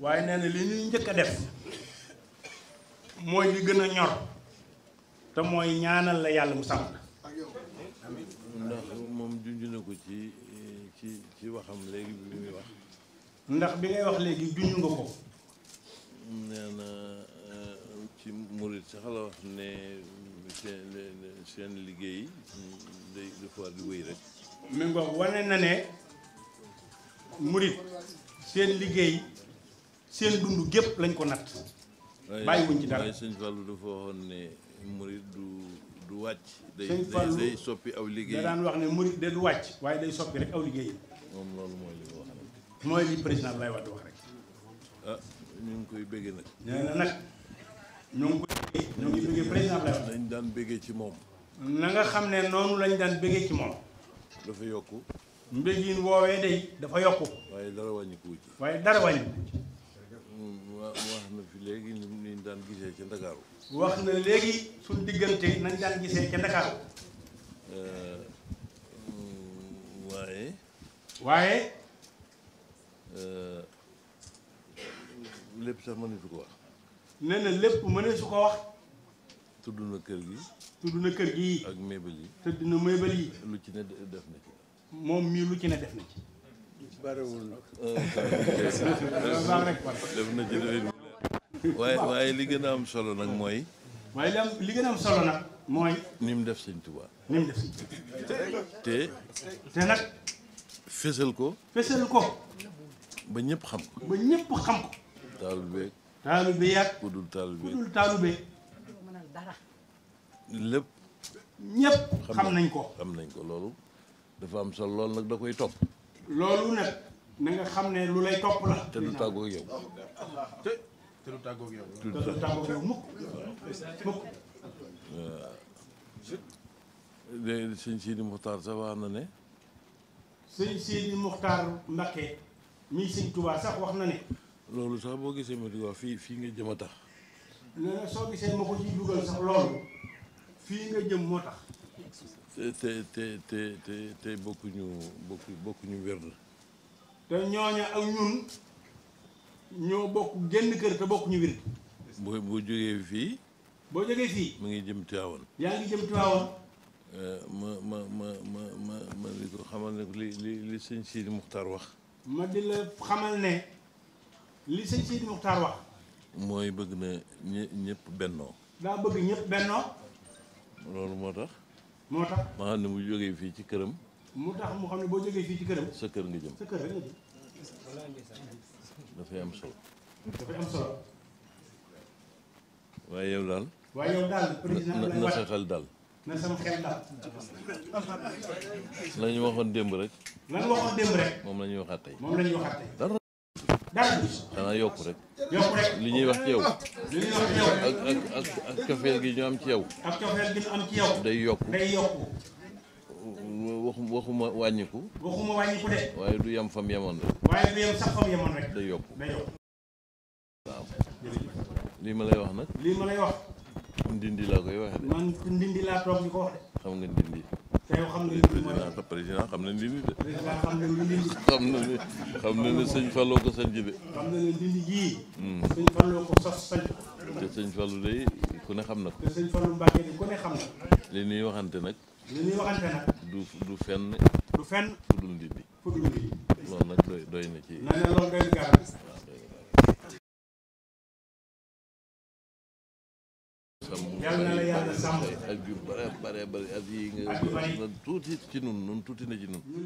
waaye nee na li ñuy njëkk a def mooy li gën a ñor te mooy ñaanal la yàlla mu sàmm la ndax moom junj na ko ci ci ci waxam léegi bi muy wax ndax bi ngay wax léegi junj nga ko nee na euh, ci murit sax la wax ne seen seen liggéey day dafa war di wéy rek mi nga wane na ne murit seen liggéey seen dund gépp lañ ko natt bàyyi wuñ ci dara waaye sëñ Fallou dafa waxoon ne murit du du wàcc day soppi aw liggéey wax ne murit de wàcc waaye day soppi aw liggéey moom loolu mooy li wax rek mooy li président Abdoulaye Wade wax rek ah, ñu ngi koy bëggee nag nee ñu ngi koy bëggee ñu ngi bëggee président Abdoulaye daan bëggee ci moom na nga xam ne noonu lañ daan bëggee ci moom dafa yokku mbégin woowee day dafa yokk waaye dara wàññi ko waaye dara wàññi wax na fi léegi ni ñu daan gisee ca Ndakaaru wax na léegi suñ diggante nañ daan gisee ca Ndakaaru euh, waaye waaye euh, lépp sax mëneesu ko wax lépp na lépp mëneesu ko wax tudd na kër gi tudd na kër gi ak mébal yi tudd na mébal yi lu ci ne def na ci moom mii lu ci ne def na ci bariwul oh, def na ci waaye waaye li gën a am solo nag mooy. waaye li am li gën a am solo nag mooy. ni mu def sëñ Tuubaa. ni mu def sëñ Tuubaa. te. te nag. fésal ko. fésal ko. ba ñëpp xam ko. ba ñëpp xam ko. taalube. taalube yàgg. ku dul taalube ku dul taalube. lépp. ñëpp xam nañ ko xam nañ ko loolu. dafa am solo loolu nag da koy topp. loolu nag na nga xam ne lu lay topp la. te du tàggoo yow. te te du tàggoo yow. te mukk mukk. léegi sëñ Sidi Muxtaar sax wax na ne. sëñ Sidi Muxtaar Mbakke mii sëñ Tuubaa sax wax na ne. loolu sax boo gisee ma di fii fii nga jëm a tax. soo gisee ma ko ciy dugal sax loolu fii nga jëm moo tax. te te te te te bokkuñu bokku bokkuñu wér na te ñooñu ak ñun ñoo bokk génn kër te bokkuñu wér boo boo jógee fii boo jógee fii mu ngi jëm Tiwaawan yaa ngi jëm Tiwaawan euh, ma ma ma ma ma ma li ne li sëñ Sidi di la wax mooy bëgg na ñëpp bennoo daa bëgg ñëpp bennoo loolu moo tax moo tax ma xam ne mu jógee fii ci këram mu tax mu xam ne boo jógee fii ci këram sa kër nga jëm sa kër nga jëm dafay am solo waaye yow daal waaye yow na sa xel daal na sama xel daal la waxoon démb rek la waxoon démb rek moom la ñuy waxaat tey moom la waxaat tey dara yokk rek. li ñuy wax ci yow. li ñuy wax ci ak cofeel gi ñu am ci yow. day yokk day yokk. waxuma wàññiku. waxuma wàññiku de. waaye du yam fam yemoon rek. day yokk day ma lay wax nag. lii ma lay wax. ndindi laa koy waxee de. xam nga ndindi. te xam nga li de. xam na li muy hmm. de. président xam na xam na ne ne sëñ Fallou ko sanc de. xam na ko sos sanc. te sëñ Fallou de ku ne xam na ko. li ñuy waxante nag. li ñuy du du fu dul nit bi. nag doy doy na ci. na ne loolu doy na sàmm yàlla na ak yu bare bare ci nun nun tuuti na ci nun